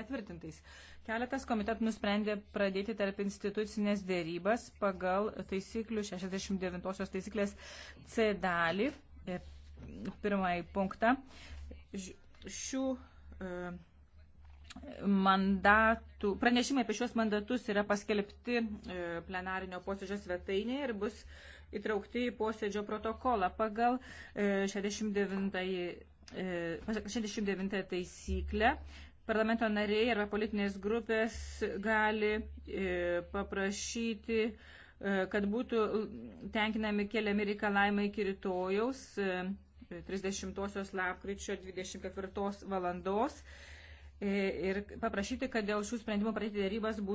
patvirtintais. Keletas komitetų nusprendė pradėti tarp institucinės dėrybas pagal taisyklių 69 taisyklės C dalį, e, pirmąjį punktą. Šių e, mandatų, pranešimai apie šios mandatus yra paskelbti e, plenarinio posėdžio svetainėje ir bus įtraukti į posėdžio protokolą pagal 69, 69 taisyklę parlamento nariai arba politinės grupės gali e, paprašyti, e, kad būtų tenkinami keliami reikalavimai iki rytojaus 30 e, lapkričio 24 valandos ir paprašyti, kad dėl šių sprendimų pradėti dėrybas būtų.